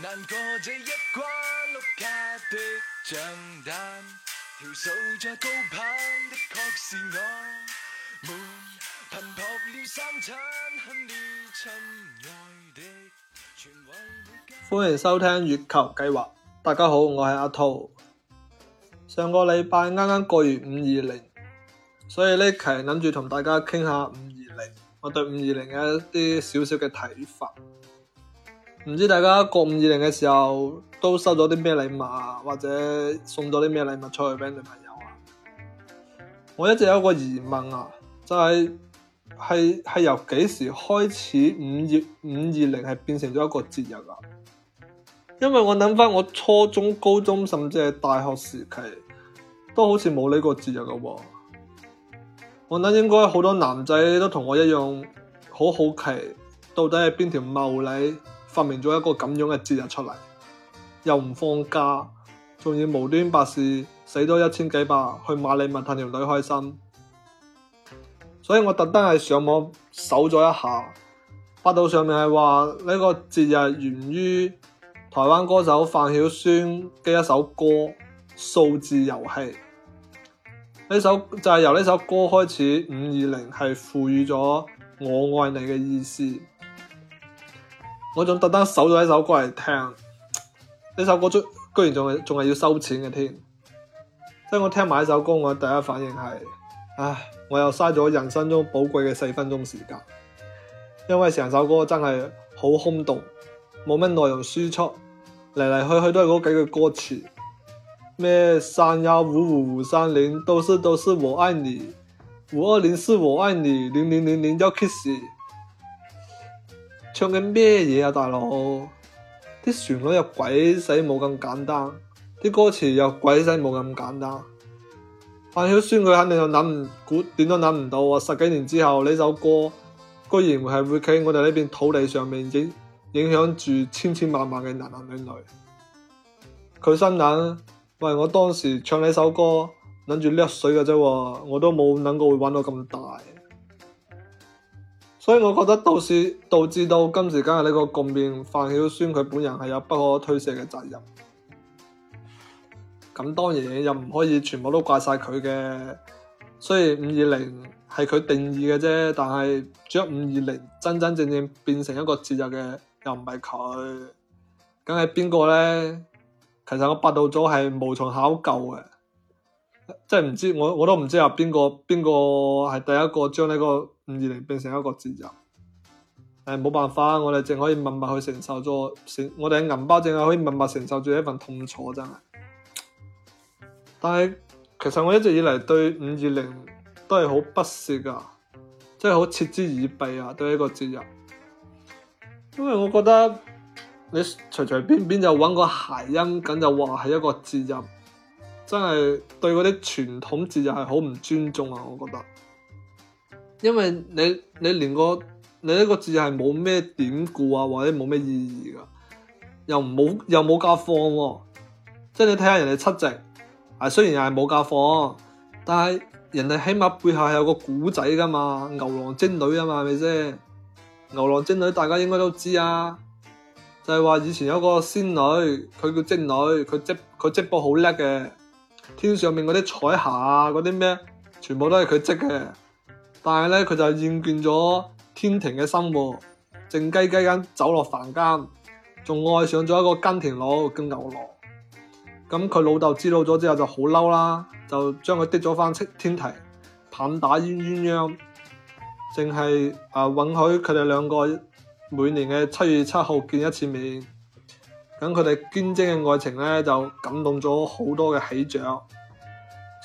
難過這一關六的條數高的確是我。了三恨的我，歡迎收聽月球計劃，大家好，我係阿兔。上個禮拜啱啱過完五二零，所以呢期諗住同大家傾下五二零，我對五二零嘅一啲少少嘅睇法。唔知大家過五二零嘅時候都收咗啲咩禮物，啊，或者送咗啲咩禮物出去俾女朋友啊？我一直有一個疑問啊，就係係係由幾時開始五月五二零係變成咗一個節日啊？因為我諗翻我初中、高中，甚至係大學時期，都好似冇呢個節日噶。我諗應該好多男仔都同我一樣，好好奇到底係邊條茂利。發明咗一個咁樣嘅節日出嚟，又唔放假，仲要無端白事使咗一千幾百去買禮物，氹條女開心。所以我特登係上網搜咗一下，百度上面係話呢個節日源於台灣歌手范曉萱嘅一首歌《數字遊戲》呢首就係、是、由呢首歌開始，五二零係賦予咗我愛你嘅意思。我仲特登搜咗呢首歌嚟聽，呢首歌居然仲係仲係要收錢嘅添。即係我聽埋呢首歌，我第一反應係，唉，我又嘥咗人生中寶貴嘅四分鐘時間，因為成首歌真係好空洞，冇乜內容輸出，嚟嚟去去都係嗰幾句歌詞，咩三一五五五三零，都是都是我愛你，五二零是我愛你，零零零零一 kiss。唱緊咩嘢啊，大佬！啲旋律又鬼死冇咁簡單，啲歌詞又鬼死冇咁簡單。范曉萱佢肯定就諗唔估，點都諗唔到喎。十幾年之後呢首歌，居然係會喺我哋呢邊土地上面影影響住千千萬萬嘅男男女女。佢心諗：喂，我當時唱呢首歌，諗住叻水嘅啫，我都冇諗過會玩到咁大。所以我覺得導致導致到今時今日呢個局面，范曉萱佢本人係有不可推卸嘅責任。咁當然又唔可以全部都怪晒佢嘅。雖然五二零係佢定義嘅啫，但係將五二零真真正正變成一個節日嘅，又唔係佢。咁係邊個咧？其實我百度咗係無從考究嘅，即係唔知我我都唔知有邊個邊個係第一個將呢個。五二零變成一個節日，誒、哎，冇辦法，我哋淨可以默默去承受咗，我我哋嘅銀包淨係可以默默承受住一份痛楚真係。但係其實我一直以嚟對五二零都係好不屑噶，即係好嗤之以鼻啊，對一個節日。因為我覺得你隨隨便，便便就搵個諧音咁就話係一個節日，真係對嗰啲傳統節日係好唔尊重啊！我覺得。因為你你連個你呢個字係冇咩典故啊，或者冇咩意義噶，又冇又冇假放喎，即係你睇下人哋七夕，啊雖然又係冇假放，但係人哋起碼背後係有個古仔噶嘛，牛郎織女啊嘛，係咪先？牛郎織女大家應該都知啊，就係話以前有個仙女，佢叫織女，佢織佢織布好叻嘅，天上面嗰啲彩霞啊，嗰啲咩，全部都係佢織嘅。但係咧，佢就厭倦咗天庭嘅生活，靜雞雞咁走落凡間，仲愛上咗一個耕田佬叫牛郎。咁佢老豆知道咗之後就好嬲啦，就將佢滴咗翻天庭，棒打鴛鴛鴦，淨係啊允許佢哋兩個每年嘅七月七號見一次面。咁佢哋堅貞嘅愛情咧就感動咗好多嘅喜鵲，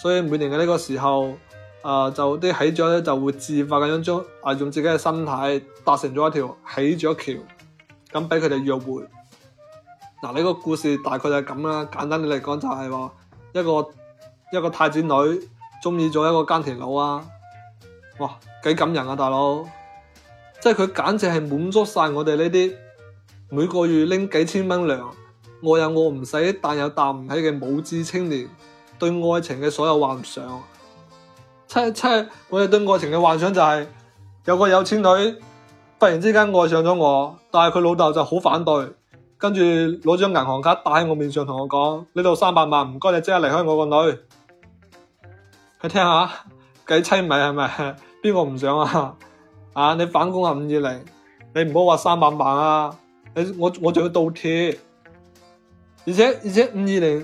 所以每年嘅呢個時候。啊、呃，就啲喜鵲咧，就會自發咁樣將啊，用自己嘅身體搭成咗一條喜鵲橋，咁俾佢哋約會。嗱、呃，呢、這個故事大概就係咁啦。簡單啲嚟講就係話一個一個太子女中意咗一個耕田佬啊，哇，幾感人啊，大佬！即係佢簡直係滿足晒我哋呢啲每個月拎幾千蚊糧，餓又餓唔死，但又搭唔起嘅無志青年對愛情嘅所有幻想。我哋對愛情嘅幻想就係、是、有個有錢女，突然之間愛上咗我，但係佢老豆就好反對，跟住攞張銀行卡打喺我面上我，同我講呢度三百萬，唔該你即刻離開我個女。你聽下幾凄美係咪？邊個唔想啊？啊你反攻下五二零，你唔好話三百萬啊，你我我仲要倒貼，而且而且五二零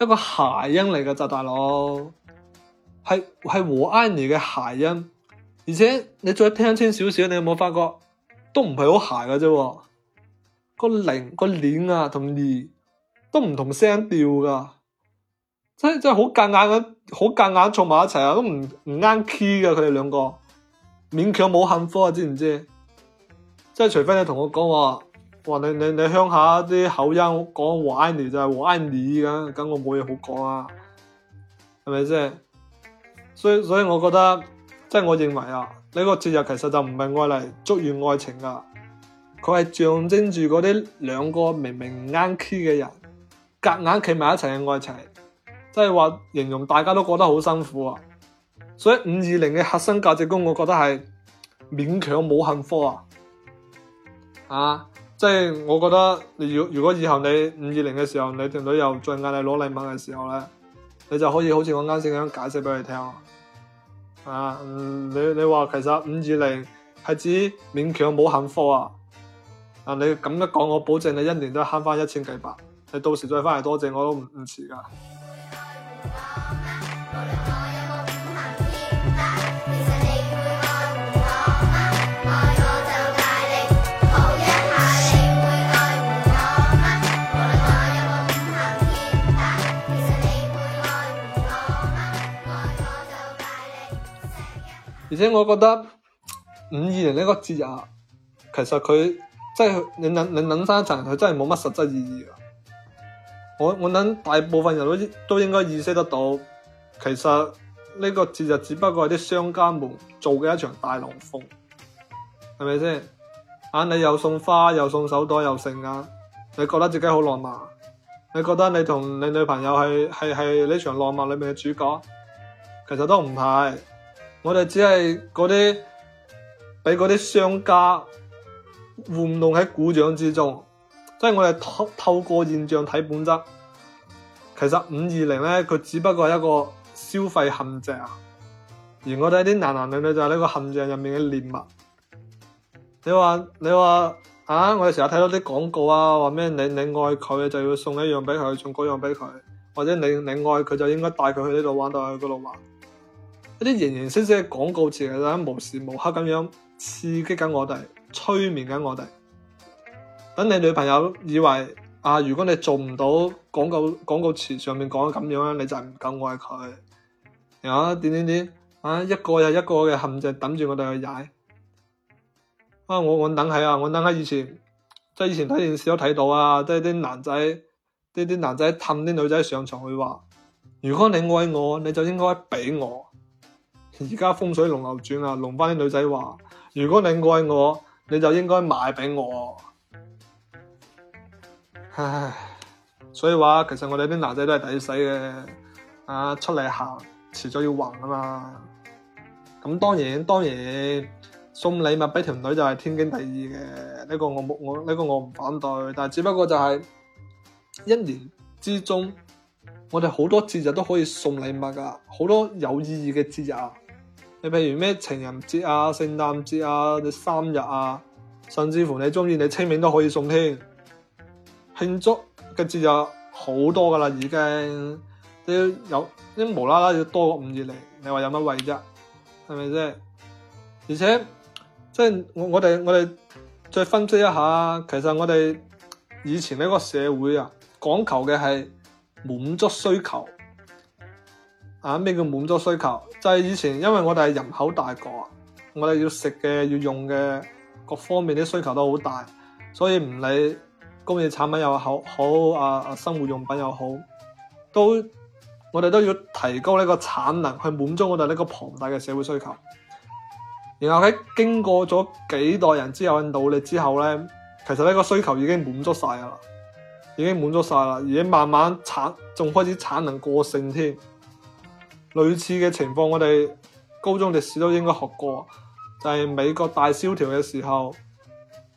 一個諧音嚟㗎，咋大佬。係係我愛你嘅諧音，而且你再聽清少少，你有冇發覺都唔係好諧嘅啫？個零個鏈啊同二都唔同聲調噶，真真好夾硬，硬，嘅，好夾硬，硬，坐埋一齊啊，都唔唔啱 key 嘅，佢哋兩個勉強冇幸福啊，知唔知？即係除非你同我講話，哇！你你你鄉下啲口音講我愛你，就係我愛你咁，咁我冇嘢好講啊，係咪先？所以所以，我覺得即係我認為啊，呢個節日其實就唔係愛嚟祝願愛情噶，佢係象徵住嗰啲兩個明明唔啱 key 嘅人，夾硬企埋一齊嘅愛情，即係話形容大家都覺得好辛苦啊。所以五二零嘅核心價值觀，我覺得係勉強冇幸福啊。啊，即係我覺得，如果如果以後你五二零嘅時候，你條女又再嗌你攞禮物嘅時候咧，你就可以好似我啱先咁樣解釋俾佢聽。啊，嗯、你你話其實五二零係指勉強冇幸福啊？啊，你咁一講，我保證你一年都慳翻一千幾百，你到時再翻嚟多謝我都唔唔遲噶。而且我覺得五二零呢個節日，啊，其實佢即係你諗你諗三層，佢真係冇乜實質意義啊！我我諗大部分人都都應該意識得到，其實呢個節日只不過係啲商家們做嘅一場大龍鳳，係咪先？啊，你又送花又送手袋又剩啊！你覺得自己好浪漫？你覺得你同你女朋友係係係呢場浪漫裏面嘅主角？其實都唔係。我哋只係嗰啲俾嗰啲商家玩弄喺鼓掌之中，即係我哋透透過現象睇本質。其實五二零咧，佢只不過係一個消費陷阱啊！而我哋啲男男女女就係呢個陷阱入面嘅獵物。你話你話啊！我哋成日睇到啲廣告啊，話咩你你愛佢就要送一樣俾佢，送嗰樣俾佢，或者你你愛佢就應該帶佢去呢度玩，玩，到佢去嗰度玩。啲形形色色嘅廣告詞咧，無時無刻咁樣刺激緊我哋，催眠緊我哋。等你女朋友以為啊，如果你做唔到廣告廣告詞上面講嘅咁樣，你就唔夠愛佢。啊，點點點啊，一個又一個嘅陷阱等住我哋去踩。啊，我我諗起啊，我諗下以前，即係以前睇電視都睇到啊，即係啲男仔啲啲男仔氹啲女仔上床，佢話：如果你愛我，你就應該俾我。而家風水輪流轉啊！龍翻啲女仔話：如果你愛我，你就應該買俾我。唉，所以話其實我哋啲男仔都係抵死嘅啊！出嚟行，遲早要還啊嘛。咁當然當然送禮物俾條女就係天經地義嘅，呢個我冇我呢個我唔反對，但係只不過就係一年之中，我哋好多節日都可以送禮物噶，好多有意義嘅節日啊！你譬如咩情人節啊、聖誕節啊、你三日啊，甚至乎你中意你清明都可以送添慶祝，嘅節日好多噶啦，已經都有啲無啦啦要多個五二零，你話有乜為啫？係咪先？而且即係我我哋我哋再分析一下，其實我哋以前呢個社會啊，講求嘅係滿足需求。啊！咩叫滿足需求？就係、是、以前，因為我哋係人口大國，我哋要食嘅、要用嘅各方面啲需求都好大，所以唔理工業產品又好，好啊生活用品又好，都我哋都要提高呢個產能去滿足我哋呢個龐大嘅社會需求。然後喺經過咗幾代人之後嘅努力之後咧，其實呢個需求已經滿足曬啦，已經滿足晒啦，已經慢慢產仲開始產能過剩添，類似嘅情況，我哋高中歷史都應該學過，就係美國大蕭條嘅時候，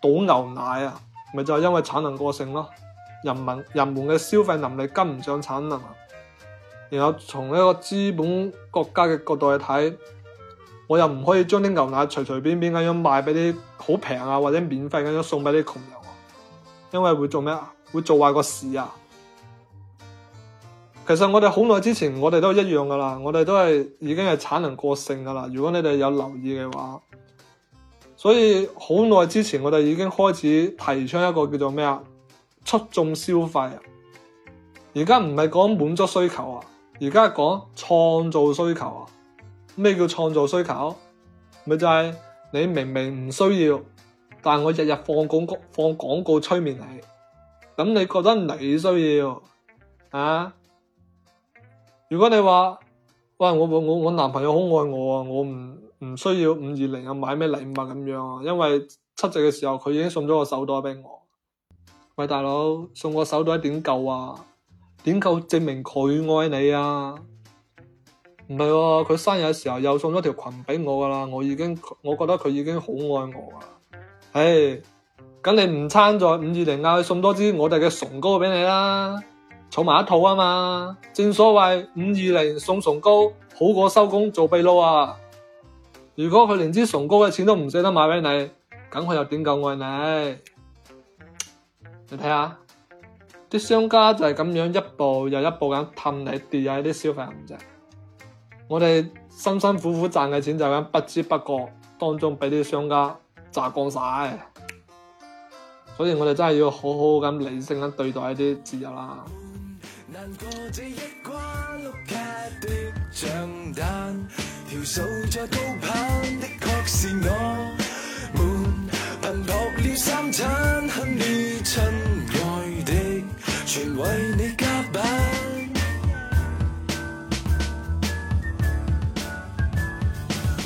倒牛奶啊，咪就係因為產能過剩咯，人民人民嘅消費能力跟唔上產能啊，然後從一個資本國家嘅角度去睇，我又唔可以將啲牛奶隨隨便便咁樣賣俾啲好平啊或者免費咁樣送俾啲窮人喎，因為會做咩啊？會做壞個市啊！其實我哋好耐之前，我哋都一樣噶啦，我哋都係已經係產能過剩噶啦。如果你哋有留意嘅話，所以好耐之前我哋已經開始提倡一個叫做咩啊？促進消費。而家唔係講滿足需求啊，而家係講創造需求啊。咩叫創造需求？咪就係、是、你明明唔需要，但係我日日放廣告放廣告催眠你，咁你覺得你需要啊？如果你話，喂我我我男朋友好愛我啊，我唔唔需要五二零啊，買咩禮物咁樣啊，因為七夕嘅時候佢已經送咗個手袋畀我。喂大佬，送個手袋點夠啊？點夠證明佢愛你啊？唔係喎，佢生日嘅時候又送咗條裙俾我噶啦，我已經我覺得佢已經好愛我啦。唉，咁你唔差在五二零啊，送多支我哋嘅唇膏俾你啦。儲埋一套啊嘛，正所謂五二零送唇膏，好過收工做秘撈啊！如果佢連支唇膏嘅錢都唔捨得買俾你，咁佢又點夠愛你？你睇下啲商家就係咁樣一步又一步咁氹你跌入啲消費陷阱。我哋辛辛苦苦賺嘅錢就咁不知不覺當中俾啲商家榨乾晒，所以我哋真係要好好咁理性咁對待一啲節日啦。難過這一關碌卡的賬單，條數再高攀的確是我們頻撲了三餐，很攰，親愛的，全為你加班。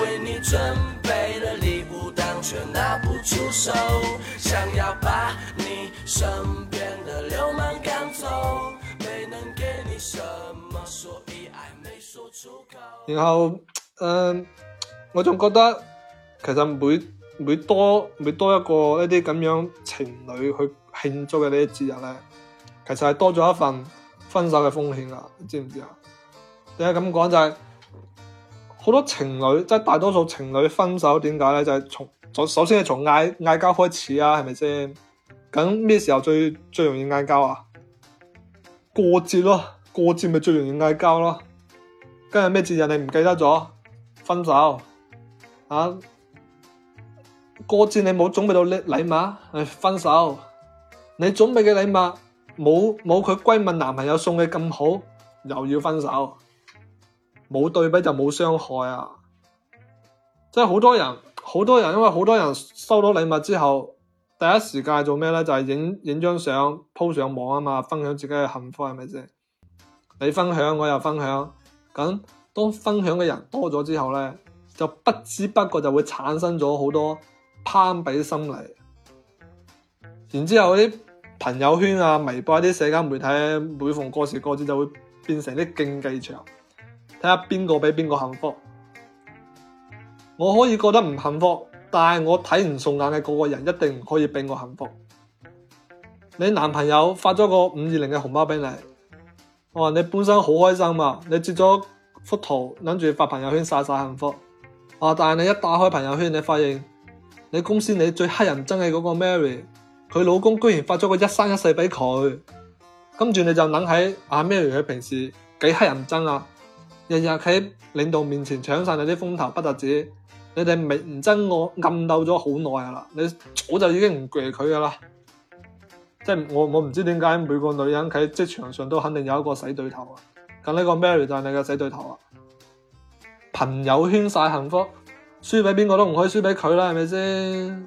為你準備嘅禮物，但卻拿不出手。想要把你身邊嘅流氓趕走，未能給你什麼，所以愛沒說出口。然後，誒、呃，我仲覺得其實每每多每多一個一啲咁樣情侶去慶祝嘅呢啲節日咧，其實係多咗一份分手嘅風險啊，知唔知啊？你係咁講就係、是。好多情侶，即係大多數情侶分手點解咧？就係從首首先係從嗌嗌交開始啊，係咪先？咁咩時候最最容易嗌交啊？過節咯，過節咪最容易嗌交咯。今日咩節日你唔記得咗，分手啊！過節你冇準備到禮物，誒，分手。你準備嘅禮物冇冇佢閨蜜男朋友送嘅咁好，又要分手。冇對比就冇傷害啊！即係好多人，好多人，因為好多人收到禮物之後，第一時間做咩呢？就係影影張相，鋪上網啊嘛，分享自己嘅幸福係咪先？你分享，我又分享，咁當分享嘅人多咗之後呢，就不知不覺就會產生咗好多攀比心理，然之後啲朋友圈啊、微博啲社交媒體，每逢過時過節就會變成啲競技場。睇下邊個比邊個幸福，我可以覺得唔幸福，但係我睇唔順眼嘅嗰個人一定唔可以俾我幸福。你男朋友發咗個五二零嘅紅包俾你，我、哦、話你本身好開心嘛，啊，你截咗幅圖，諗住發朋友圈晒晒幸福，哦，但係你一打開朋友圈，你發現你公司你最黑人憎嘅嗰個 Mary，佢老公居然發咗個一生一世俾佢，跟住你就諗起啊，Mary 佢平時幾黑人憎啊。日日喺領導面前搶晒你啲風頭，不特止，你哋明爭我暗鬥咗好耐啦，你早就已經唔攰佢噶啦。即係我我唔知點解每個女人喺職場上都肯定有一個死對頭啊。咁呢個 Mary 就係你嘅死對頭啊。朋友圈晒幸福，輸俾邊個都唔可以輸俾佢啦，係咪先？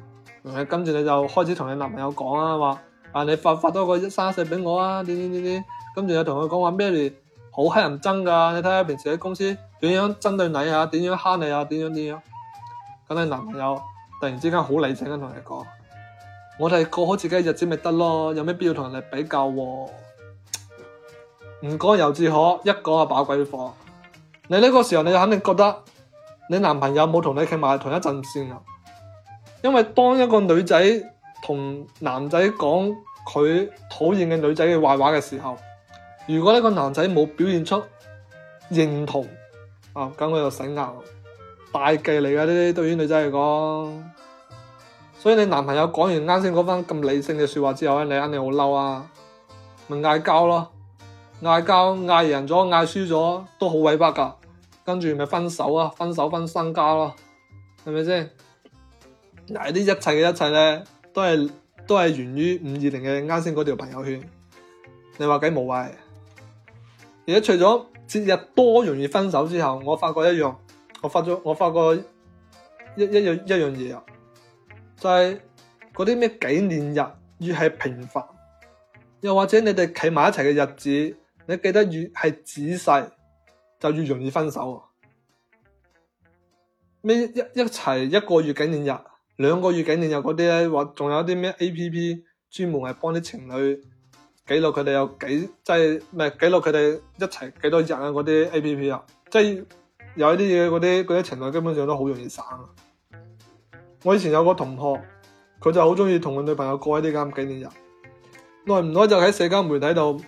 跟住你就開始同你男朋友講啊，話啊你發發多個一三四畀我啊，呢呢呢呢，跟住又同佢講話 Mary。好乞人憎噶，你睇下平時喺公司點樣針對你啊，點樣蝦你啊，點樣點樣。咁你男朋友突然之間好理性咁同你講，我哋過好自己嘅日子咪得咯，有咩必要同人哋比較啊？唔講由自可，一講就把鬼火。你呢個時候，你就肯定覺得你男朋友冇同你企埋同一陣線啊。因為當一個女仔同男仔講佢討厭嘅女仔嘅壞話嘅時候，如果呢個男仔冇表現出認同啊，咁我又使拗大忌嚟噶，呢啲對於女仔嚟講，所以你男朋友講完啱先嗰番咁理性嘅説話之後咧，你肯定好嬲啊，咪嗌交咯，嗌交嗌贏咗嗌輸咗都好委屈噶，跟住咪分手啊，分手分身家咯，係咪先？係呢一切嘅一切咧，都係都係源於五二零嘅啱先嗰條朋友圈。你話幾無謂？而家除咗節日多容易分手之後，我發覺一樣，我發咗我發覺一一,一樣一樣嘢啊，就係嗰啲咩紀念日越係平凡，又或者你哋企埋一齊嘅日子，你記得越係仔細，就越容易分手。啊。咩一一齊一個月紀念日，兩個月紀念日嗰啲咧，仲有啲咩 A P P 專門係幫啲情侶。記錄佢哋有幾，即係唔係記錄佢哋一齊幾多日啊？嗰啲 APP 啊，即係有一啲嘢，嗰啲啲情侶，基本上都好容易散。我以前有個同學，佢就好中意同佢女朋友過呢啲咁嘅紀念日，耐唔耐就喺社交媒體度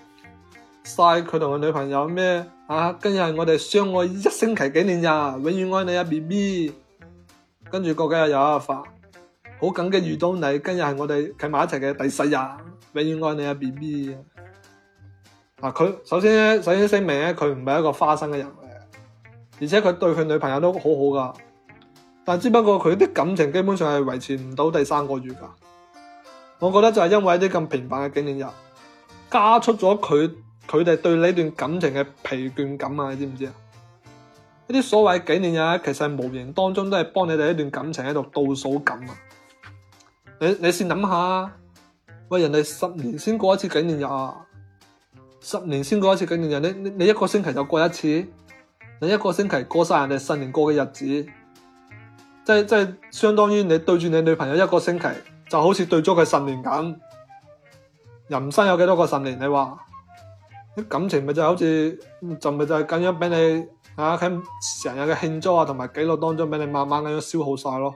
晒佢同佢女朋友咩啊？今日係我哋相愛一星期紀念日，永遠愛你啊，BB，跟住過幾日又阿發。好感激遇到你，今日係我哋喺埋一齊嘅第四日，永遠愛你寶寶啊，B B。嗱，佢首先咧，首先聲明咧，佢唔係一個花心嘅人，而且佢對佢女朋友都好好噶，但係只不過佢啲感情基本上係維持唔到第三個月噶。我覺得就係因為一啲咁平凡嘅紀念日，加出咗佢佢哋對呢段感情嘅疲倦感啊！你知唔知啊？一啲所謂紀念日，其實無形當中都係幫你哋一段感情喺度倒數緊啊！你你先諗下，喂人哋十年先過一次紀念日啊，十年先過一次紀念日，你你,你一個星期就過一次，你一個星期過晒人哋十年過嘅日子，即係即係相當於你對住你女朋友一個星期，就好似對咗佢十年咁。人生有幾多個十年？你話啲感情咪就好似就咪就係咁樣俾你啊？喺成日嘅慶祝啊，同埋記錄當中俾你慢慢咁樣消耗晒咯。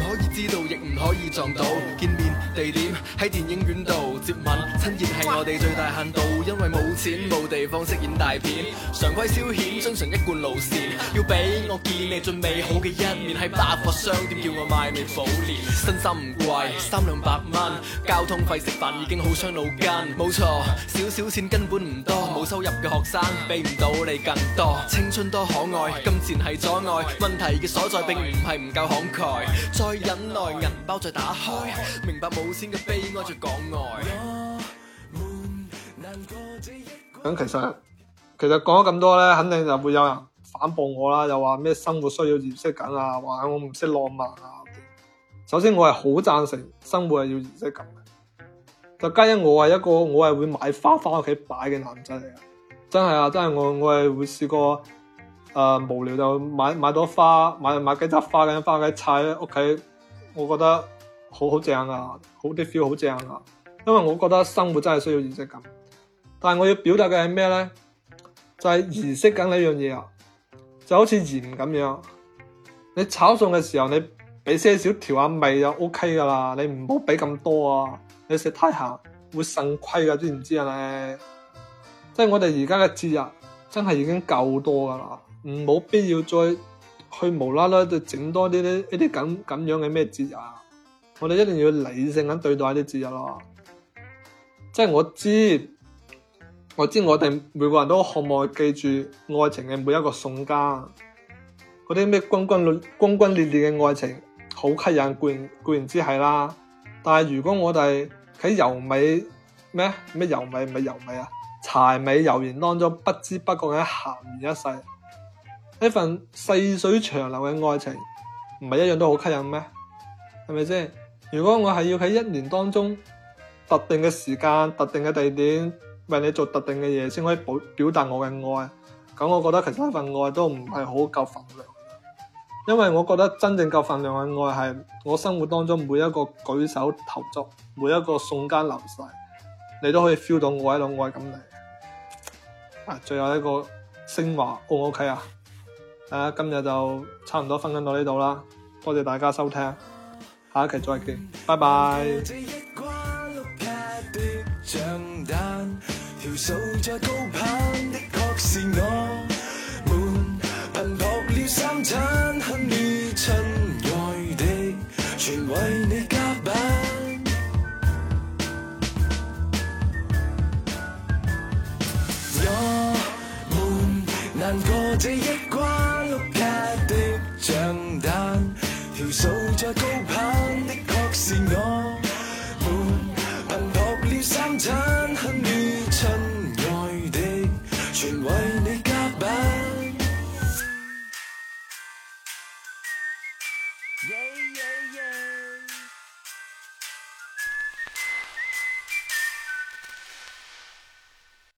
知道亦唔可以撞到，見面地點喺電影院度接吻，親熱係我哋最大限度，因為冇錢冇地方飾演大片，常規消遣遵循一貫路線，要俾我見你最美好嘅一面，喺百貨商店叫我買美寶蓮，身心唔貴三兩百蚊，交通費食飯已經好傷腦筋，冇錯少少錢根本唔多，冇收入嘅學生俾唔到你更多，青春多可愛，金錢係阻礙，問題嘅所在並唔係唔夠慷慨，再忍，銀包再打開明白嘅悲哀。咁其實其實講咗咁多咧，肯定就會有人反駁我啦，又話咩生活需要儀式感啊，話我唔識浪漫啊。首先我係好贊成生活係要儀式感嘅，就加上我係一個我係會買花翻屋企擺嘅男仔嚟嘅，真係啊，真係我我係會試過誒、呃、無聊就買買朵花，買買幾紮花咁樣放喺屋企。我覺得好好正啊，好啲 feel 好正啊，因為我覺得生活真係需要儀式感。但係我要表達嘅係咩咧？就係儀式感呢樣嘢啊，就好似鹽咁樣，你炒餸嘅時候你俾些少調下味就 OK 噶啦，你唔好俾咁多啊，你食太咸會腎虧噶知唔知啊？你即係我哋而家嘅節日真係已經夠多噶啦，唔冇必要再。去無啦啦就整多啲啲一啲咁咁樣嘅咩節日，啊。我哋一定要理性咁對待啲節日咯。即係我知，我知我哋每個人都渴望記住愛情嘅每一個瞬間。嗰啲咩轟轟轟轟烈烈嘅愛情好吸引，固然固然之係啦、啊。但係如果我哋喺油美咩咩美唔係油美啊柴米油鹽當中，不知不覺咁鹹完一世。一份細水長流嘅愛情，唔係一樣都好吸引咩？係咪先？如果我係要喺一年當中特定嘅時間、特定嘅地點為你做特定嘅嘢，先可以表表達我嘅愛，咁我覺得其實呢份愛都唔係好夠份量。因為我覺得真正夠份量嘅愛係我生活當中每一個舉手投足、每一個瞬間流逝，你都可以 feel 到我喺度愛咁嚟啊！最後一個昇華 O 唔 O K 啊？啊！今日就差唔多分享到呢度啦，多謝大家收聽，下一期再見，拜拜。嗯嗯嗯嗯嗯嗯嗯